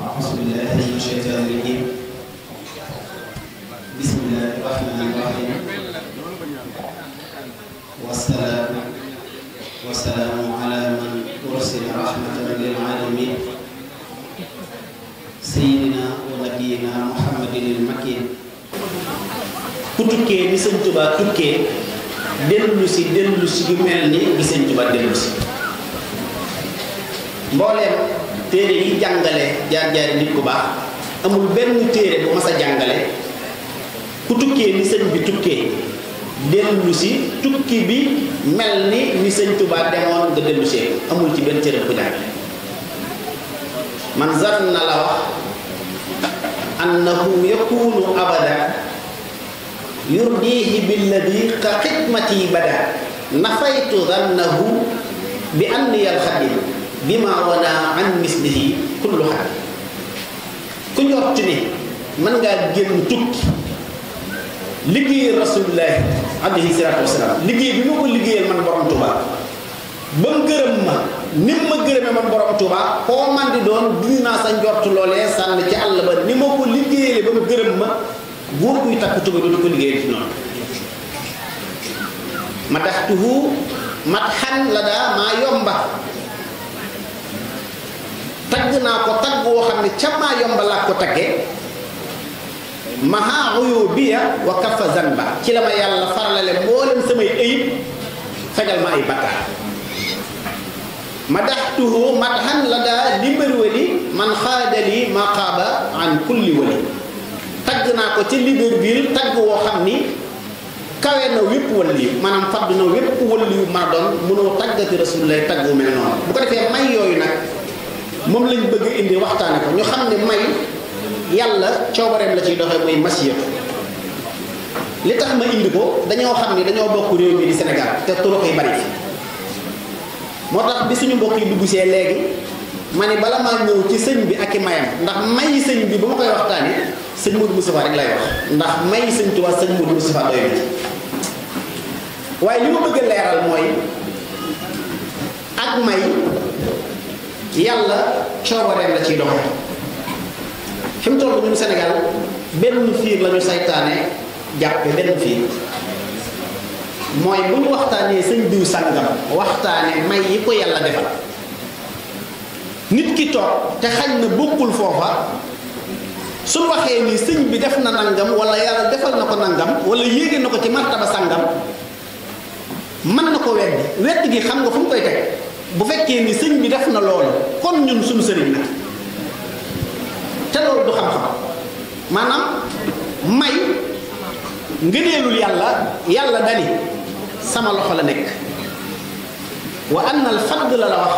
أعوذ بالله من الشيطان الرجيم بسم الله الرحمن الرحيم والسلام على من أرسل رحمة للعالمين سيدنا ونبينا محمد المكين ku tukkee ni sëñ Tuubaa tukkee dellu si dellu si yu mel ni gi sëñ Tuubaa dellu si mbooleem téere yi jàngale jaar-jaari nit ku baax amul benn téere bu mas a jàngale ku tukkee ni bi tukkee dellu tukki bi mel ni ni sëñ Tuubaa demoon nga dellu amul ci benn téere bu jàng man zann na la wax annahu yakunu abada yurdihi billadi ka xidmati bada nafaytu zannahu bi anni al xadim bi ma wana an mislihi kullu xaal ku njort ne mën ngaa génn tukki liggéeyal rasulullahi alayhi salaatu wasalaam liggéey bi ma ko liggéeyal man borom Tuuba ba mu gërëm ma ni ma gërëmee man borom Tuuba koo man di doon dindi sa njort loolee sànn ci àll ba ni ma ko liggéeyale ba mu gërëm ma góor kuy takk tuba dootu ko liggéeyal ci noonu ma tax tuhu mat xan la daa maa yomba tagg naa ko tagg woo xam ne ca yomba laa ko taggee maha uyubiya wa kafa zanba ci la ma yàlla faralale leen samay ayib fegal ma ay bakkaar madaxtuhu madhan la daa libari wali man xaadali maqaaba an kulli wali tagg naa ko ci Libreville tagg woo xam ni kawe na wépp wali maanaam fadd na wépp wali ma doon mënoo taggati rasulullah tagg wu mel noonu bu ko defee may yooyu nag moom lañ bëgg indi waxtaane ko ñu xam ne may yàlla coobareem la ciy doxee muy masiyatu li tax ma indi ko dañoo xam ne dañoo bokk réew mi di Sénégal te turux yi bari fi moo tax bi suñu mbokk yi dugg see léegi ma ne bala ma ñëw ci sëñ bi ak i mayam ndax may sëñ bi ba ma koy waxtaane sëñ Modou Moustapha rek lay wax ndax may sëñ Tuubaa sëñ Modou Moustapha doy na waaye li ma bëgg leeral mooy ak may yàlla coobareem la ciy doxal fi mu toll ñun Sénégal benn fiir la ñu jàppe benn fiir mooy bu ñu waxtaanee sëñ diw sàngam waxtaane may yi ko yàlla defal nit ki toog te xañ na bokkul foofa su waxee ni sëñ bi def na nangam wala yàlla defal na ko nangam wala yéege na ko ci martaba sàngam mën na ko weddi wedd gi xam nga fu mu koy teg bu fekkee ni sëñ bi def na loolu kon ñun suñu sëriñ nag te loolu du xam-xam maanaam may ngëneelul yàlla yàlla dani sama loxo la nekk wa anna al fadla la wax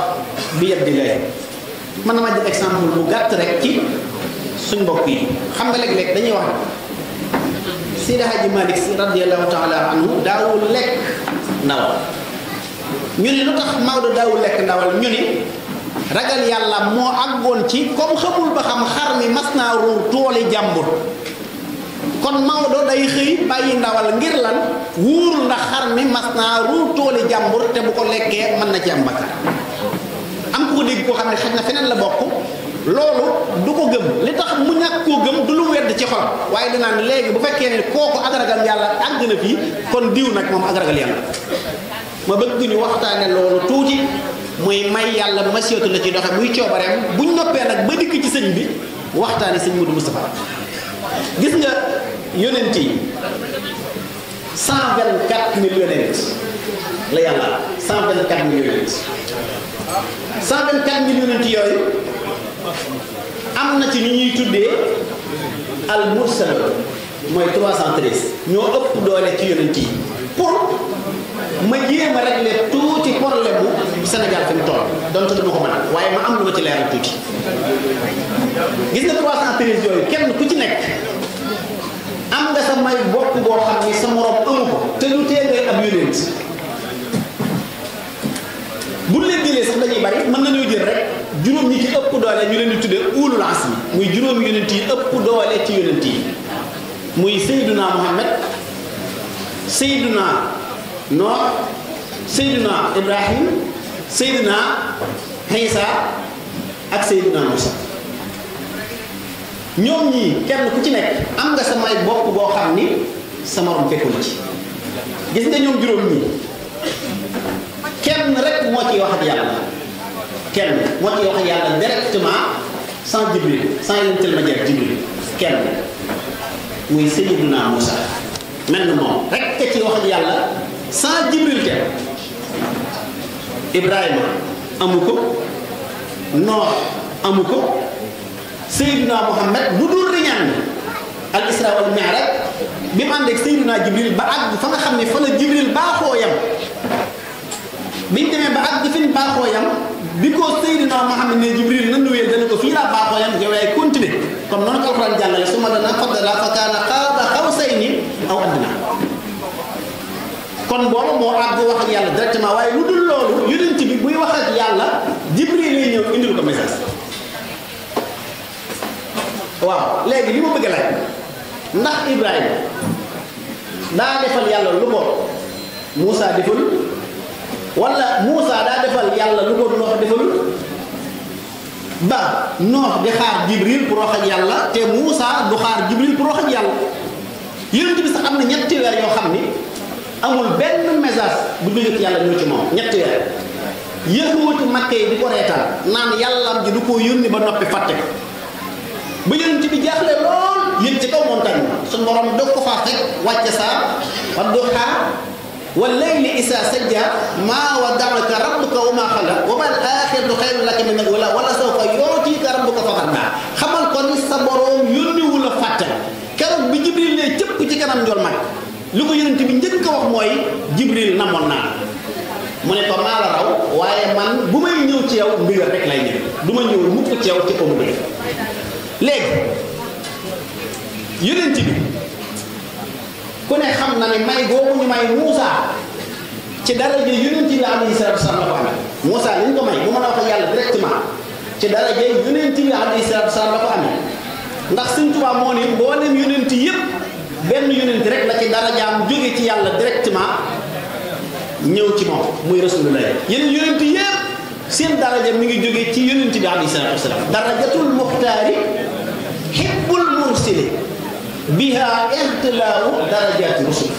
bi yaddillahi mën na ma jël exemple bu gàtt rek ci suñ mbokk yi xam nga léeg-léeg dañuy wax Seydi Hadji Malick Sy radiyallahu taala anhu daawul lekk ndawam ñu ni lu tax Maodo daawul lekk ndawal ñu ni ragal yàlla moo àggoon ci comme xamul ba xam xar mi mas naa ruur tooli jàmbur kon Maodo day xëy bàyyi ndawal ngir lan wuurul ndax xar mi naa ruur tooli jàmbur te bu ko lekkee mën na ci am bakkaar am ku ko dégg koo xam ne xaj na feneen la bokk loolu du ko gëm li tax mu ñàkk koo gëm du lu wedd ci xolam waaye dinaan léegi bu fekkee ne kooku ak ragal yàlla àgg na fii kon diw nag moom ak ragal yàlla ma bëgg ñu waxtaane loolu tuuti muy may yàlla masiyatu la ci doxe muy coobareem buñ noppee nag ba dikk ci sëñ bi waxtaane sëñ Modou Moustapha gis nga yonent yi 124 mille yonent la yàlla 124 mille yonent 124 mille yonent yooyu am na ci ñu ñuy tuddee al mursal mooy 313 ñoo ëpp doole ci yonent yi pour ma jéem a régler tuuti problème bu Sénégal fi mu toll donte du ma ko mën a waaye ma am lu ma ci leeral tuuti gis nga 313 yooyu kenn ku ci nekk am nga sa may bopp boo xam ni sa morom amu ko te lu tee ngay ab yonent bu leen jëlee sax dañuy bari mën nañoo jël rek. juróom ñi ci ëpp doole ñu leen di tudde ulul asmi muy juróomi yonent yi ëpp doole ci yonent yi muy Seyduna Muhammad Seyduna Nooh Seyduna Ibrahim Seyduna Isa ak Seyduna Musa ñoom ñii kenn ku ci nekk am nga sama samay bopp boo xam ni sama morom fekku na ci gis nga ñoom juróom ñii kenn rek moo ciy wax ak yàlla kenn moo ci wax yàlla directement sans Jibril sans intermédiaire Jibril kenn muy Sayyidina Moussa mel na moom rek ka ci wax ak yàlla Jibril te Ibrahima amu ko Noox amu Muhammad bu dul riñaan al bi mu ànd ak Jibril ba àgg fa nga xam ne fa la Jibril baaxoo ba àgg fi bi ko Seydina Muhammad ne Jibril nan wéel dana ko fii laa baaxoo yam yow yaay continuer comme noonu ko alxuraan jàngale su ma dana faddala fa kaana qaaba qawsayni aw adnaa kon boobu moo àgg wax ak yàlla directement waaye lu dul loolu yonent bi buy wax ak yàlla Jibril lay ñëw indil ko message waaw léegi li ma bëgg laaj ndax Ibrahima daa defal yàlla lu ko Moussa defal wala musa da defal yalla lu ko do noox defal ba no di xaar jibril pour wax ak yalla te musa du xaar jibril pour wax ak yalla yeen yonent bi sax amna ñetti wer yo xamni amul benn message bu do ci yalla ñu ci moom ñetti weer yëxuwatu makke di ko reetaan naan am ji du ko yoni ba noppi fatte ba yeen yonent bi jaxle lol yeen ci kaw montagne sun borom do ko wacce sa wa do xaar والليل إذا سجى ما ودعك ربك وما خلق وما الآخرة خير لك من الأولى ولا سوف يعطيك ربك فترضى xamal ko ni sa borom yónniwu la fàtte keroog bi Jibril ne cëpp ci kanam njool mag lu ko yonent bi njëkk a wax mooy Jibril namoon naa mu ne ko maa raw waaye man bu may ñëw ci yow mbir rek lay ñëw du ma ñëw mukk ci yow ci ko mu léegi yonent bi ku ne xam na ne may googu ñu may Moussa ci daraja yonent bi alayhi salaatu salaam la ko amee Moussa li ñu ko may bu mën a wax ak yàlla directement ci daraja yonent bi alayhi salaatu salaam la ko amee ndax Sëñ Tuubaa moo ne mboolem yonent yëpp benn yonent rek la ci darajaam jóge ci yàlla directement ñëw ci moom muy Rasulullah yeneen yonent yëpp seen daraja mi ngi jóge ci yonent bi alayhi salaatu salaam darajatul muxtaari hibbul mursili biha irtilaawu darajaati rusul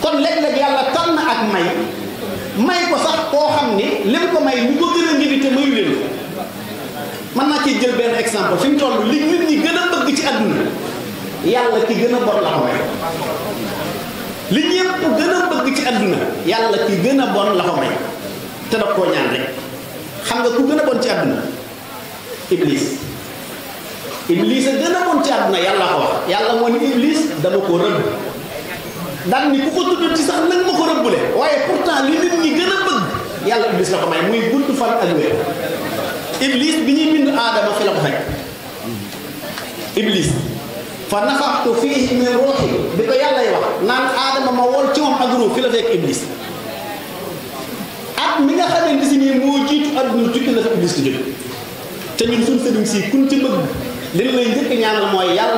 kon léeg-léeg yàlla tànn ak may may ko sax koo xam ni lim ko may ñu ko gën a ngi te mayu leen mën naa ci jël benn exemple fi mu toll li nit ñi gën a bëgg ci àdduna yàlla ki gën a bon la gën a bëgg ci àdduna yàlla ki gën a bon la ko may te daf koo ñaan rek xam nga ku gën a bon ci àdduna iblis Iblis a gën a bon ci àdduna yàlla ko wax yàlla moo ni Iblis dama ko rëbb daan ni ku ko tuddati sax nag ma ko rëbbule waaye pourtant li nit ñi gën a bëgg yàlla Iblis la ko may muy gudd fan ak wér Iblis bi ñuy bind aadama fi la ko fekk Iblis fa wax naan aadama ma wol ci moom ak ruux mi nga xamante si nii moo jiitu adduna tukki la fa Iblis di te ñun suñ sëriñ si kun ci bëgg lim lay njëkk ñaanal mooy yàlla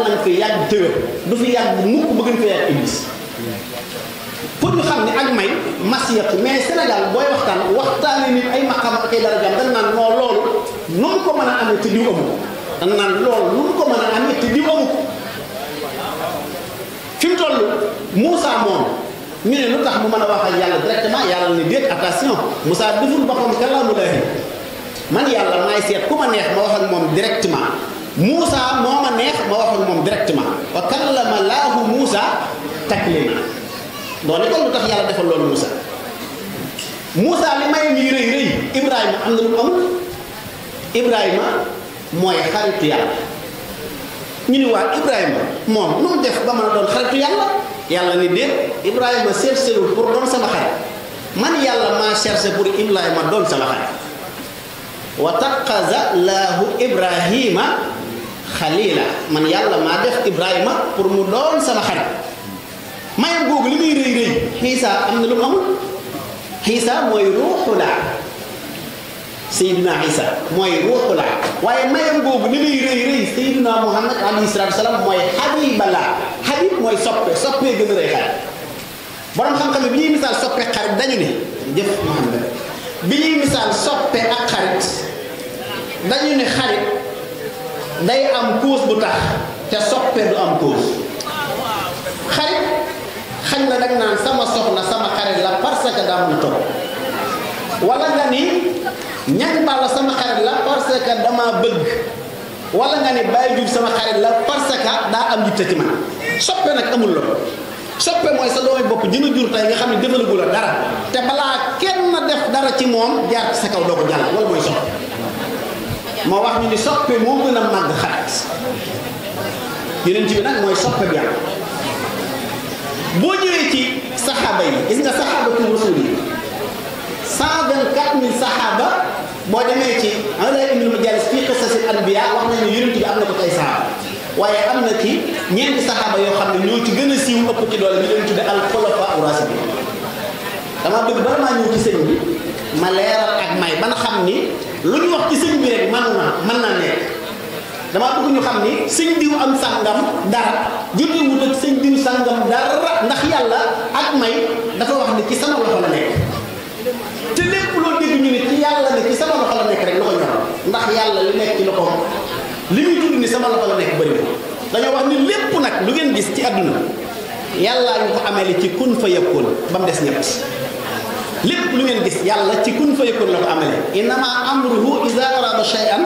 nañ xam ne ak may masiyatu mais Sénégal booy waxtaan waxtaanee nit ay maqam ak ay darajaam dañ naan a amee mën a amee te diw amu ko fi a wax ak yàlla directement yàlla ne déet attention seet ku ma neex ma wax ak moom directement. Moussa moo ma neex ma wax ak moom directement wa kallama laahu Moussa taklima doone kon lu tax yàlla defal loolu Moussa Moussa li may mi rëy rëy na lu mu amul Ibrahima mooy xaritu yàlla ñu ni moom nu mu def ba mën a doon xaritu yàlla yàlla ni déet Ibrahima cherché wul pour doon sama xarit man yàlla maa cherché pour Ibrahima doon sama xarit wa taqaza laahu Ibrahima xalila man yàlla ma def Ibrahima pour mu doon sama xarit mayam googu li muy rëy rëy xiisa am na la mu amul xiisa mooy ruuxu laa sayiduna xiisa mooy li muy rëy muhammad alayhi salaatu salaam mooy xabiba laa xabib mooy soppe soppee gën a rëy xarit borom xam-xam bi ñuy xarit dañu ne muhammad bi ñuy misaal soppe ak xarit dañu xarit day am cause bu tax te soppe du am cause xarit xañ na nag naan sama soxna sama xarit la parce que dama toog wala nga ni ñan bala sama xarit la parce que dama bëgg wala nga ni Baye Diouf sama xarit la parce que daa am yitte ci man soppe nag amul loolu soppe mooy sa doomi bopp dina jur tey nga xam ne defalagu la dara te balaa kenn def dara ci moom jaar ci sa kaw doo ko jàll wala mooy soppe ma wax ñu ni soppé mo gëna mag màgg yeneen ci bi nag mooy soppe bi am bo ñëwee ci sahaba yi gis nga sahaba ko rasul yi 124 000 saxaaba boo demee ci ala ibn mujalis fi qisas al anbiya wax nañu yonent bi am na ko tay sahaba waye am na ci ñeenti saxaaba yoo xam ne ñoo ci gëna siiw ëpp ci doole ñu leen tudde al khulafa ar rasul dama bëgg barma ñu ci sëñ bi ma leral ak may ban xamni lu ñu wax ci sëñ bi rek man naa mën naa nekk damaa bëgg ñu xam ni sëñ diw am sàngam dara jotewut ak sëñ diw sàngam dara ndax yàlla ak may dafa wax ni ci sama loxo la nekk te lépp loo dégg ñu ne ci yàlla ne ci sama loxo la nekk rek loxo ñor ndax yàlla li nekk ci loxoom li muy tudd ni sama loxo la nekk bëri dañoo wax ni lépp nag lu ngeen gis ci àdduna yàlla ñu ko amee li ci kun fa yakun ba mu des ñett lépp lu ngeen gis yàlla ci kun fayakun la ko amale innama amruhu ida arada shay'an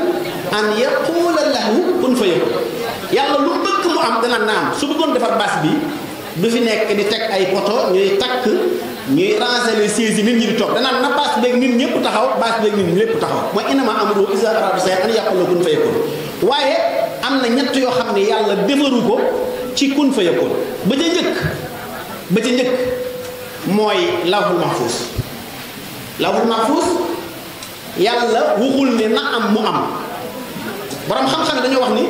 an yaqula lahu kun fayakun yàlla lu bëgg mu am dana naam su bëggoon defar baas bi du fi nekk di teg ay poto ñuy takk ñuy ranger les sièges yi nit ñi di toog danaan na baas beeg nit ñëpp taxaw baas beeg nit ñi taxaw mooy innama amruhu ida arada shay'an an yaqula kun fayakun waaye am na ñett yoo xam ne yàlla defaru ko ci kun fayakun ba ca njëkk ba ca njëkk mooy lawul mahfuus yàlla waxul ne na am mu am borom xam-xam ne dañoo wax ni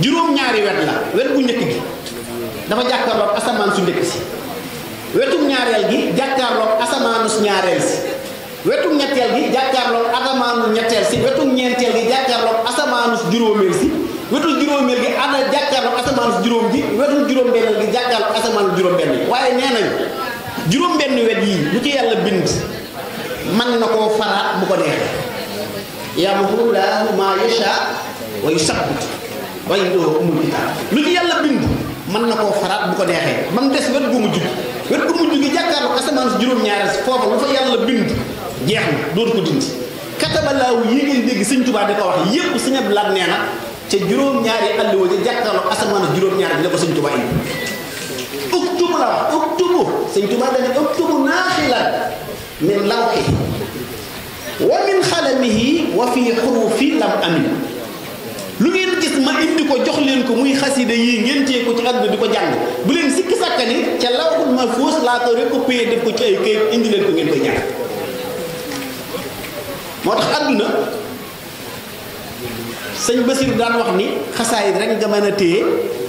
juróom-ñaari wet la wet bu njëkk gi dafa jàkkaarloog asamaan su njëkk si wetum ñaareel gi jàkkaarloog asamaanus ñaareel si wetum ñetteel gi jàkkaarloog asamaanu ñetteel si wetum ñeenteel gi jàkkaarloog asamaanus juróomeel si wetul juróomeel gi ana jàkkaarloog asamaanus juróom ji wetul juróom-benneel gi jàkkaarloog asamaanus juróom-benn waaye nee nañ juróom-benn wet yi lu ci yàlla bind man na koo faraat bu ko neexee yamhu laahu maa yashaa wa yusabbitu wa indahu ummul kitaab lu ci yàlla bind mën na koo faraat bu ko neexee ba mu des wet gu mujj wet gu mujj gi jàkkaarlu asamaan si juróom-ñaari si foofa lu fa yàlla bind jeex na dootu ko dindi katabalaaw yi ngeen dégg sëñ Tuubaa di ko wax yépp sëñ Abdu Laat nee na ca juróom-ñaari alluwa ja jàkkaarlu asamaan si juróom-ñaari bi la ko sëñ Tuubaa indi uktub la wax uktub sëñ Tuubaa dañu uktub naaxilan min lawxi wa min xalamihi wa fi xurufi lam amin lu ngeen gis ma indi ko jox leen ko muy xasida yi ngeen téye ko ci àdduna di ko jàng bu leen sikki sàkka ni ca lawxul mahfuus laa ko recopier def ko ci ay këyit indi leen ko ngeen koy jàng moo tax àdduna sëñ Basiir daan wax ni xasaayit rek nga mën a téye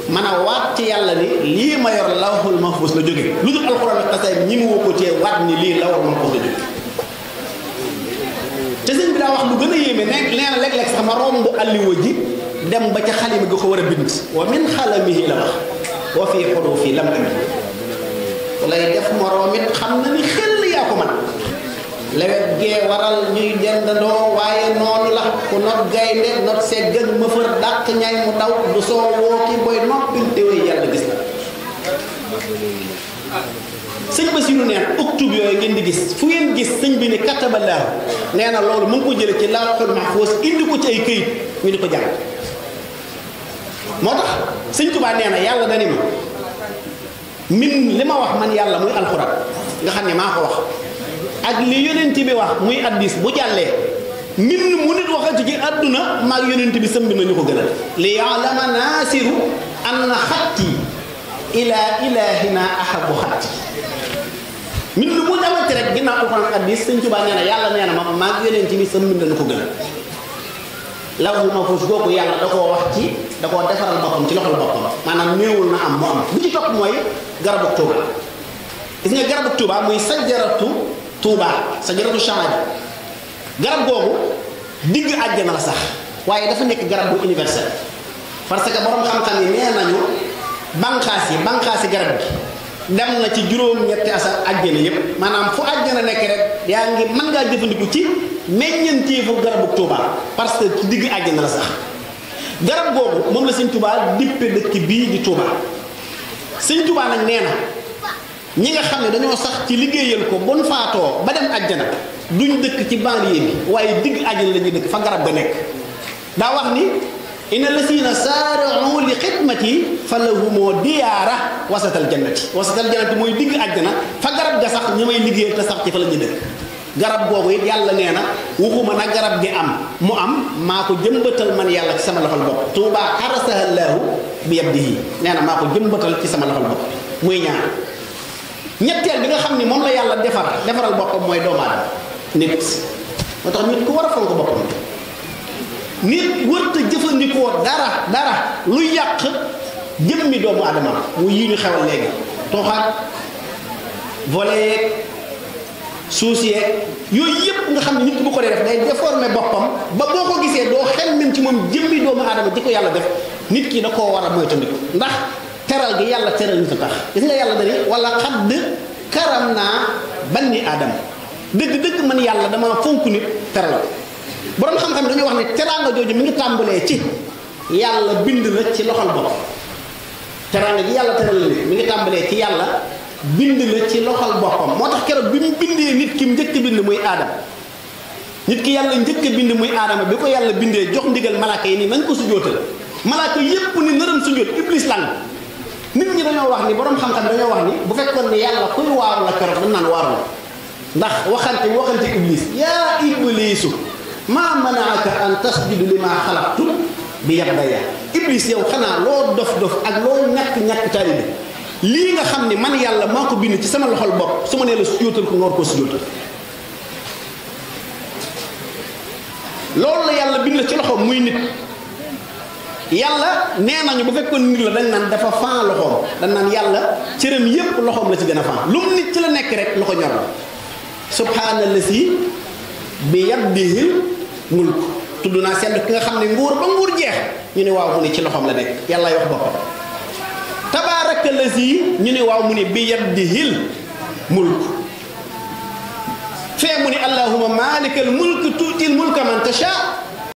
mën a waat ci yàlla ni lii ma yor lawxul mahfuus la jóge lu dul alxuraan ak xasaayit ñi mu woo ko téye waat ni lii lawxul mahfuus la jóge te sëñ bi daa wax lu gën a yéeme nekk nee na léeg sax ma romb alliwa ji dem ba ca xalima gi ko war a bind wa min xalamihi la wax wa fii xolu fii lam tamit lay def ku not gaynde not segg ak dàq ñay mu daw du soo woo ki booy noppil téwéy yàlla gis la sëñ Basiru neen uktub yooyu ngeen di gis fu ngeen gis sëñ bi ne kataballaahu nee na loolu mu ko jëlee ci lawhul mahfuz indi ko ci ay këyit ñu di ko jàng moo tax sëñ Tuubaa nee na yàlla dani ma min li ma wax man yàlla muy alxuraan nga xam ne maa ko wax ak li yonent bi wax muy hadiis bu jàllee min mu nit waxati ci àdduna maag yonent bi sëmb na ko gënal li yaalama naasiru anna xatti ila ilahina ahabu xatti min lu mu amati rek ginnaaw a ak hadiis sëñ Tuubaa nee na yàlla nee ma maa yeneen ci bi sa mbind lu ko gën ma mahfuus googu yàlla da koo wax ci da koo defaral boppam ci loxol boppam maanaam néewul na am mu am bu ci topp mooy garabu Tuuba gis nga garabu Tuuba muy sajaratu Tuuba sajaratu sharabi garab googu digg àjjana la sax waaye dafa nekk garab bu universel parce que borom xam-xam yi nee nañu banqaas yi banqaas yi garab gi dem na ci juróom-ñetti asar àjjana yépp maanaam fu àjjana nekk rek yaa ngi mën ngaa jëfandiku ci meññanteefu garabu Touba parce que ci digg àjjana la sax garab googu moom la sëñ Touba dippe dëkk bii di Touba sëñ Touba nag nee na ñi nga xam ne dañoo sax ci liggéeyal ko bon faatoo ba dem àjjana duñ dëkk ci banlieue bi waaye digg àjjana la ñuy dëkk fa garab ga nekk daa wax ni. jannati fa lahu moo wasatal jannati wasatal jannati moy digg aljana fa garab ga sax ñamay may ta sax ci fa la ñu dekk garab googu it yalla neena wuxuma na garab gi am mu am mako jëmbatal man yalla ci sama loxol bopp tuba xarasaha allah bi yabdihi neena mako maa jëmbatal ci sama loxol bopp muy ñaar ñettel bi nga xamni ni la yalla defar defaral boppam moy doomu nit motax nit ko wara a fonk nit wërta jëfandikoo dara dara lu yàq jëmmi doomu adama mu yii ñu xewal léegi tooxaat volet yeeg suus yeeg yooyu yëpp nga xam ne nit bu ko dee def day déformer boppam ba boo ko gisee doo xel même ci moom jëmmi doomu adama di ko yàlla def nit ki da ko war a moytandiku ndax teral gi yàlla teral nit a tax gis nga yàlla dani wala xadd karam naa banni aadama dëgg-dëgg man yàlla dama fonk nit teral borom xam-xam dañuy wax ne teraanga jooju mu ngi tàmbalee ci yàlla bind la ci loxol bopp teraanga ji yàlla teral la mi ngi tàmbalee ci yàlla bind la ci loxol boppam moo tax keroog bi mu bindee nit ki njëkk bind muy aadama nit ki yàlla njëkk bind muy aadama bi ko yàlla bindee jox ndigal malaaka yi nii nañ ko sujootal malaaka yépp ni naram sujoot iblis lan nit ñi dañoo wax ni borom xam-xam dañoo wax ni bu fekkoon ni yàlla kuy waaru la keroog dañ naan waaru ndax waxante waxante iblis yaa maa manaaka an tasjudu li maa xalaqtu bi yadaya iblis yow xanaa loo dof dof ak loo ñàkk ñàkk taalibe lii nga xam ni man yàlla maa ko bind ci sama loxol bopp su ma nee la sujjóotal ko nga war koo sujjóotal loolu la yàlla bind ci loxoom muy nit yàlla nee nañu ba fekkoon nit la dañ naan dafa fan loxoom dañ naan yàlla cëram yépp loxoom la ci gën a fan lu mu nit ci la nekk rek loxo ñor la subhaanallasi bi yadihi mulk tudd naa sedd ki nga xam ne nguur ba nguur jeex ñu ne waaw mu ne ci loxoom la nekk yàlla wax boppam tabaaraka lazi ñu ne waaw mu ne bi yadihil mulk fee mu ne allahuma maalikal mulk tuutil mulka man tasha